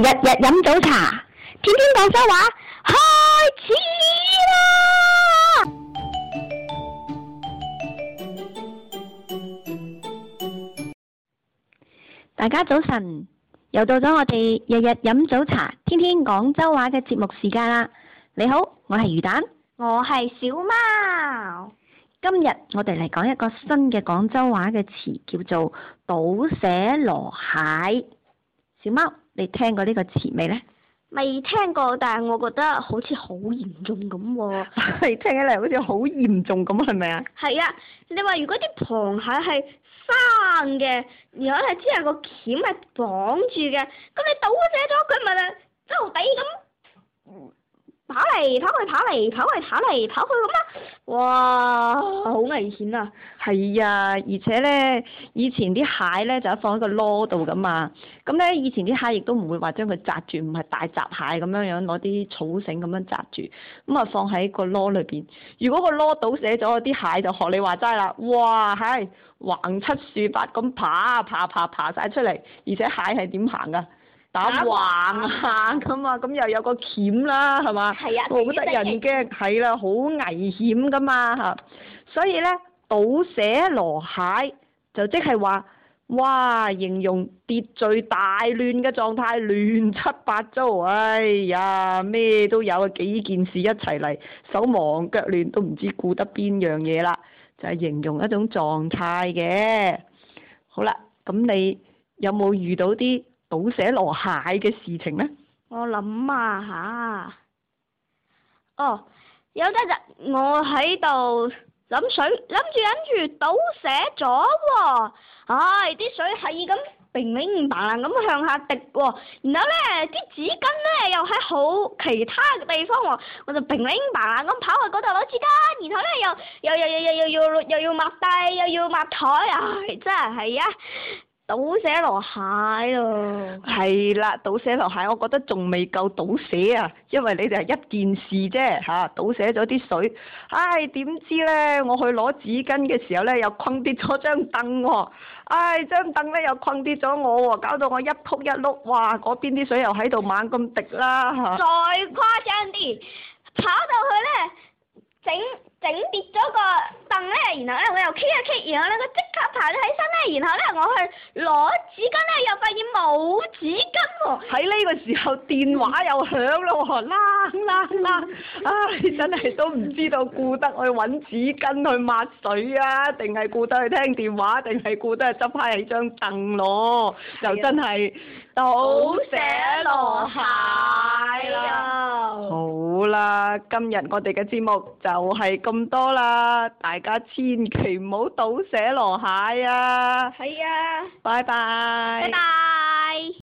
日日飲早茶，天天廣州話，開始啦！大家早晨，又到咗我哋日日飲早茶、天天廣州話嘅節目時間啦！你好，我係魚蛋，我係小貓。今日我哋嚟講一個新嘅廣州話嘅詞，叫做倒瀉籮蟹。小貓。你聽過呢個詞未咧？未聽過，但係我覺得好似好嚴重咁喎。係 聽起嚟好似好嚴重咁，係咪啊？係 啊，你話如果啲螃蟹係生嘅，然後咧之後個鉗係綁住嘅，咁你倒瀉咗佢咪就周底咁跑嚟跑去跑嚟跑去跑去跑嚟跑去咁啊？哇，好危險啊！係 啊，而且咧，以前啲蟹咧就喺放喺個籮度噶嘛，咁咧以前啲蟹亦都唔會話將佢扎住，唔係大閘蟹咁樣樣攞啲草繩咁樣紮住，咁啊放喺個籮裏邊。如果個籮倒瀉咗，啲蟹就學你話齋啦，哇，係橫七豎八咁爬啊爬爬爬晒出嚟，而且蟹係點行噶？打橫行噶嘛，咁又有個鉗啦，係嘛？好得、啊、人驚，係啦、啊，好危險噶嘛嚇。所以咧，倒瀉籮蟹就即係話，哇！形容秩序大亂嘅狀態，亂七八糟，哎呀，咩都有，啊，幾件事一齊嚟，手忙腳亂都唔知顧得邊樣嘢啦，就係、是、形容一種狀態嘅。好啦，咁你有冇遇到啲？倒瀉籮蟹嘅事情呢，我諗啊吓，哦，有得日我喺度諗水，諗住諗住倒瀉咗喎，唉、哎！啲水係咁乒呤乓啷咁向下滴，然後咧啲紙巾咧又喺好其他嘅地方喎，我就乒呤乓啷咁跑去嗰度攞紙巾，然後咧又又又又又又又，又要抹地又要抹台，唉、哎！真係啊～倒瀉籮蟹啊，係啦，倒瀉籮蟹，我覺得仲未夠倒瀉啊，因為你哋係一件事啫，吓、啊，倒瀉咗啲水，唉、哎，點知咧，我去攞紙巾嘅時候咧，又困跌咗張凳唉，張凳咧又困跌咗我，搞到我一扑一碌，哇，邊啲水又喺度猛咁滴啦，吓、啊！再誇張啲，跑到去咧，整整跌咗個凳咧，然後咧我又傾一傾，然後咧個即。爬咗起身咧，然後咧我去攞紙巾咧，又發現冇紙巾喎。喺呢個時候電話又響啦喎，啦啦啦！唉，真係都唔知道顧得去搵紙巾去抹水啊，定係顧得去聽電話，定係顧得去執翻起張凳攞，就真係倒瀉籮蟹啦。好啦，今日我哋嘅節目就係咁多啦，大家千祈唔好倒瀉籮蟹。係啊，係啊，哎，拜拜呀，拜拜。